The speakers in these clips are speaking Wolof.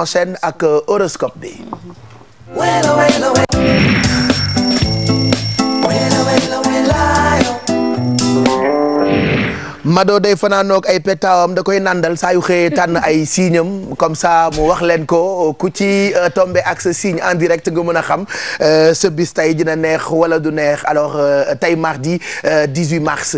enchaîne ak horoscope bi Mado day fanaanoog ay petaawam da koy nandal saa yu xëyee tànn ay signam comme ça mu wax leen ko ku ci euh, tombé ak sa signe en direct nga mën a xam euh, sa bis tey dina neex wala du neex alors euh, tey mardi 18 mars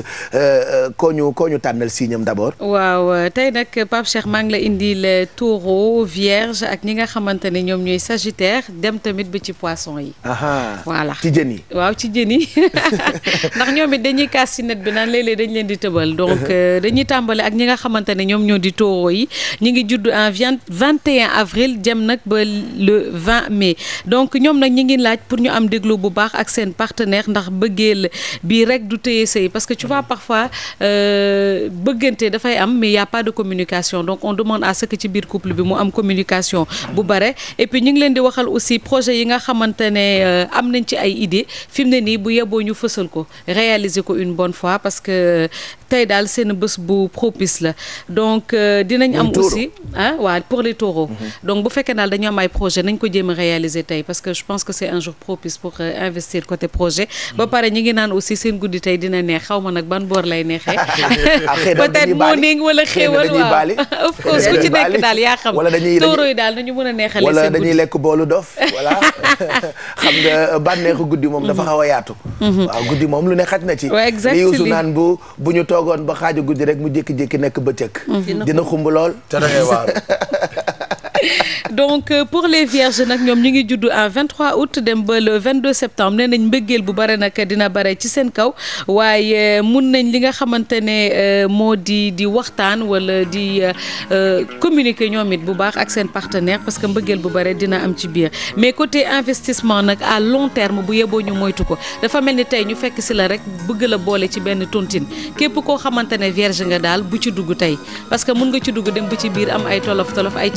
koo ñu koo ñu tànnal signam d'abord. waaw tey nag Pape Cheikh maa ngi la indil taureau vierge ak ñi nga xamante ne ñoom ñooy sagittaire dem tamit bi ci poisson yi. voilà ci jën yi. waaw ci jën yi ndax ñoom it dañuy kaas bi naan léeg-léeg dañ leen di Euh, dañuy tàmbali ak ñi nga xamante ne ñoom ñoo di taureau ñi ngi judd en vingt et un avril jëm nag ba le 20 mai donc ñoom nag ñi ngi laaj pour ñu am déglu bu baax ak seen partenaire ndax la bii rek du téye sëy parce que tu vois parfois euh, bëggante dafay am mais y pas de communication donc on demande à ce que ci biir couple bi mu am communication bu bare et puis ñu ngi leen di waxal aussi projet yi nga xamante ne euh, am nañ ci ay idée fi mu ne nii bu yeboo ñu fësal ko réaliser ko une tey daal seen bés bu propice la donc euh, dinañ am mhm. bu fekkee daal dañu am ay projet nañ ko jéem a réaliser tey parce que je pense que c'est un jour propice pour euh, investir côté projet ba mhm. pare ñi ngi naan aussi seen guddi tey dina neex xaw ma nag ban boor lay neexee peut-être morning wala xéewal waaw of course ku ci nekk daal yaa xam taureaux yi daal nañu mën a neexale wala lekk boolu dof voilà xam nga euh, bànneexu guddi moom dafa mhm. xaw yaatu waaw guddi moom lu ne na ci li bu ñu toogoon ba xaaju guddi rek mu jékki-jékki nekk bëccëg. dina xumb lool. te da ngay waar donc euh, pour les vierges nag ñoom ñu ngi juddu en 23 août dem ba le deux septembre nee nañ mbëggeel bu bare nag dina bare ci seen kaw waaye euh, mun nañ li nga xamante ne euh, moo di di waxtaan wala di communiquer ñoom it bu baax ak seen partenaire parce que mbëggeel bu bare dina am ci biir mais côté investissement nag à long terme bu yeboo ñu moytu ko dafa mel ni tey ñu fekk si la rek bëgg la boole ci benn tontine képp koo xamante ne vierge nga daal bu ci dugg tey parce que mun nga ci dugg dem ba ci biir am ay tolof tolof ay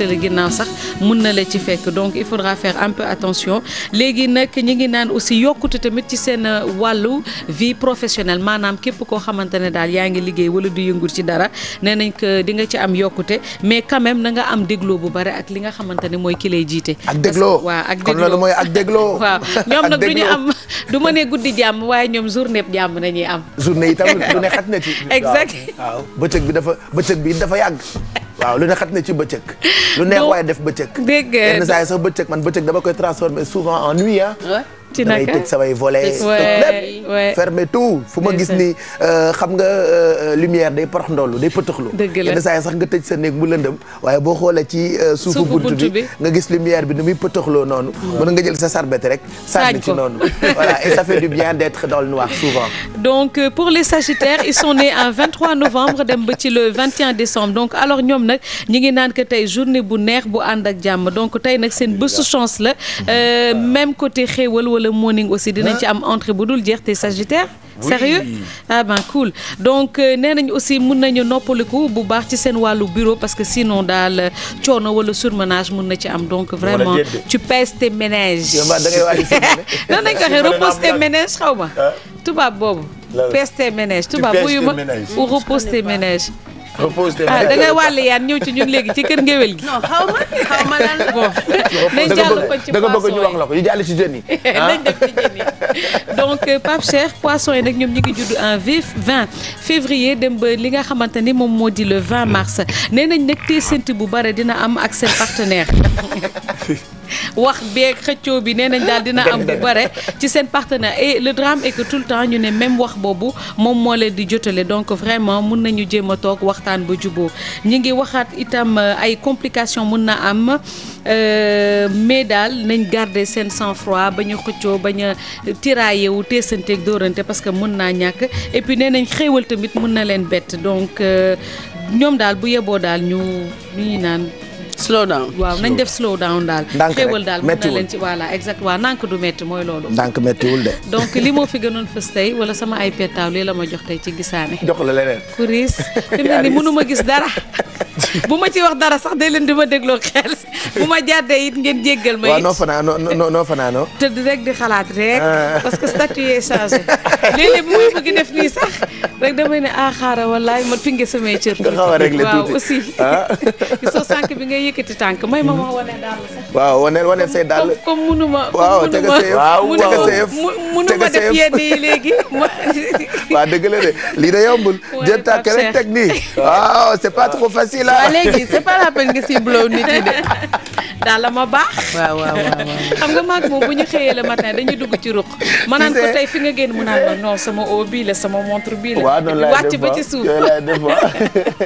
féete la ginnaaw sax mun na la ci fekk donc il faudra faire un peu attention léegi nag ñi ngi naan aussi yokkute tamit ci seen euh, wàllu vie professionnelle maanaam képp koo xamante ne daal yaa ngi liggéey wala du yëngu ci dara nee nañ que di nga ci am yokkute mais quand même na nga am dégloo bu bare ak li nga xamante ne mooy ki lay jiite. ak déglo waaw ak dégloo kon mooy ak dégloo. waaw ñoom nag du ñu am du ma ne guddi jàmm waaye ñoom journée bi jàmm nañuy am. journée yi tamit du ne xat na ci. exact waaw bëccëg bi dafa bëccëg bi dafa yàgg. waaw lu ne xat na ci bëccëg. lu neex waaye def bëccëg. dégg nga saa sax bëccëg man bëccëg dama koy transformer souvent en nuit ah. ci naka damay tëj samay volets. lépp fermer tout fu ma gis ni euh, xam nga euh, lumière day porox ndollu day pëtëxlu. dëgg la yenn saa sax nga tëj sa néeg mu lëndëm waaye boo xoolee ci euh, suufu buntu bi nga gis lumière bi ni muy pëtëxloo noonu. Mm. mën nga jël sa sarbet rek. sànni ci noonu voilà et ça fait du bien d'être dans le noir souvent. donc euh, pour les sagittaires ils sont nés en 23 novembre dem ba ci le 21 décembre donc alors ñoom nag ñi ngi naan que tey journée bu neex bu ànd ak jàmm donc tey nag seen bésu chance la euh, même côté xéewal wala morning aussi dinañ ci ah. am entrée bu dul jeex te sagittaire sérieux ah ben cool donc euh, nee nañ aussi mun nañu noppaliku bu baax ci seen wàllu bureau parce que sinon daal euh, coono wala surmenage mun na ci am donc vraiment tu pèses tes ménages nan nañ ko waxee repose ah. tes ménages xaw ma tubaab boobu pèses tes ménages tubaab buyu ma ou repose tes ménages repose des ah, da ngay wàlli yaan ñëw ci ñun léegi ci kër ngéwél gi. non xaw ma xaw ma lan la. bon nañ jàll ko ci poisson yi da nga bëgg la ko ñu jàll ci jën yi. nañ def ci jën euh, yi nag ñoom ñu ngi judd en vif 20 février dem ba li nga xamante ni moom moo di le 20 mars nee nañ nag téesante bu bare dina am ak seen partenaire. wax beeg xëccoo bi nee nañ daal dina am bu bare ci seen partenaire et le drame est que tout le temps ñu ne même wax boobu moom moo leen di jotale donc vraiment mun nañu jéem a toog waxtaan ba juboo ñu ngi waxaat itam euh, ay complications mun na am euh, mais daal nañ garder seen sang-froid bañu a xëccoo bañ a tiraillé wu teesanteeg dóorante parce que mun naa ñàkk et puis nañ xéewal tamit mun na leen bett donc euh, ñoom daal bu yeboo daal ñu ñu naan. slow down waaw nañ def slow down daal. ndànk rek daal mën na leen ci voilà exact waaw ndànk du métti mooy loolu. ndànk wul de. donc li moo fi gënoon fas tey wala sama ay petaaw lii la ma jox tey ci gisaane. jox la leneen kuris. fi ne nii mënu ma gis dara. bu ma ci wax dara sax day leen di ma dégloo xel bu ma jàddee it ngeen jéggal ma it. waaw noo fanaanoo noo noo fanaanoo. tëdd rek di xalaat rek. Ah. parce que statut yi changé léeg bu may bëgg def nii sax rek damay ne ah xaaral wallaay man fi nga samay cër. nga xaw a waaw aussi. Ah. gisoo sànq bi ngay yëkkati tànk may ma ma wane daal sax. waaw daal. comme munu ma. waaw teg a seef yi léegi. waaw dëgg lii de lii da yombul. jël tànk rek teg waaw c'est pas trop facile ah. léegi c'est pas la peine nga siy nit yi de. daal la ma baax. waaw waaw xam nga maag moom bu ñu xëyee le matin dañuy dugg ci ruq. ma naan ko tey fi nga génn mu naan ma non sama eau bii la sama montre bii la. waaw noonu wàcc ba ci suuf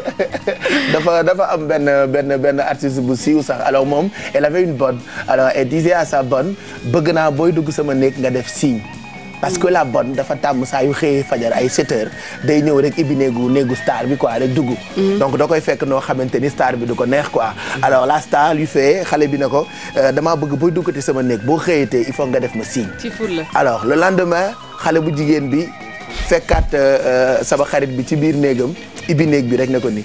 dafa dafa am benn benn benn artiste bu siiw sax alors moom elle avait une bonne alors elle disait à sa bonne bëgg naa booy dugg sama néeg nga def signe. parce que la bonne dafa tàmm saa yu xëyee fajar ay 7 day ñëw rek ibbi néegu néegu star bi quoi rek dugg. Mm-hmm. donc da koy fekk noo xamante ni star bi du ko neex quoi. alors la star lui fait xale bi na ko euh, dama bëgg booy duggati sama néeg boo xëyatee il faut nga def ma signe. ci fulla alors le lendemain xale bu jigéen bi fekkaat euh, euh, sama xarit bi ci biir néegam ibbi néeg bi rek ne ko nii.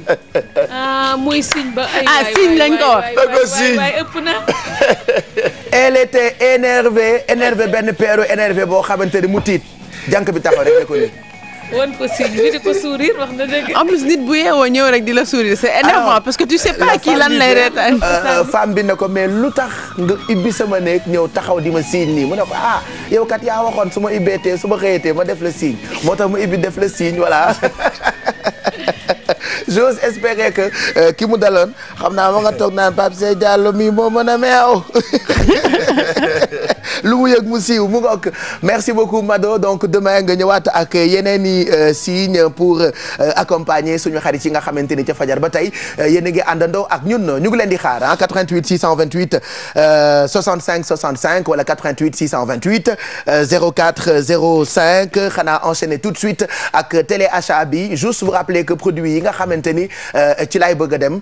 ah mooy signe ba. ay ah signe lañ ko wax. waay ëpp na. elle était énervée énervé benn peeru énervé boo xamante ni mu tiit jànk bi taxaw rek ne ko nii. woon ko signe bi di ko nit bu yeewoo ñëw rek di la sourire c'est ah. énervant parce que tu sais pas kii lan lay reetaan. Euh, femme bi na ko mais lu tax nga ibbi sama néeg ñëw taxaw di ma signe nii mu ne ko ah yow kat yaa waxoon su ma ibbeetee su ma xëyatee ma def la signe moo tax mu ibbi def la signe voilà. j'ose espérer euh, ki mu daloon xam naa ma nga toog naan Pape Seye Diallo mii moo mën a meew lu mu yëg mu siiw mu ngokk merci beaucoup Mado donc demain nga ñëwaat ak yeneen i euh, signe pour euh, accompagner suñu xarit yi nga xamante ni ca fajar ba tey euh, yéen a ngi àndandoo ak ñun ñu ngi leen di xaar ah 88 628 65 65 wala 88 628 04 05 xanaa enchaîner tout de suite ak téléachat bi juste vous rappeler que produit yi nga xamante ni ci laay bëgg a dem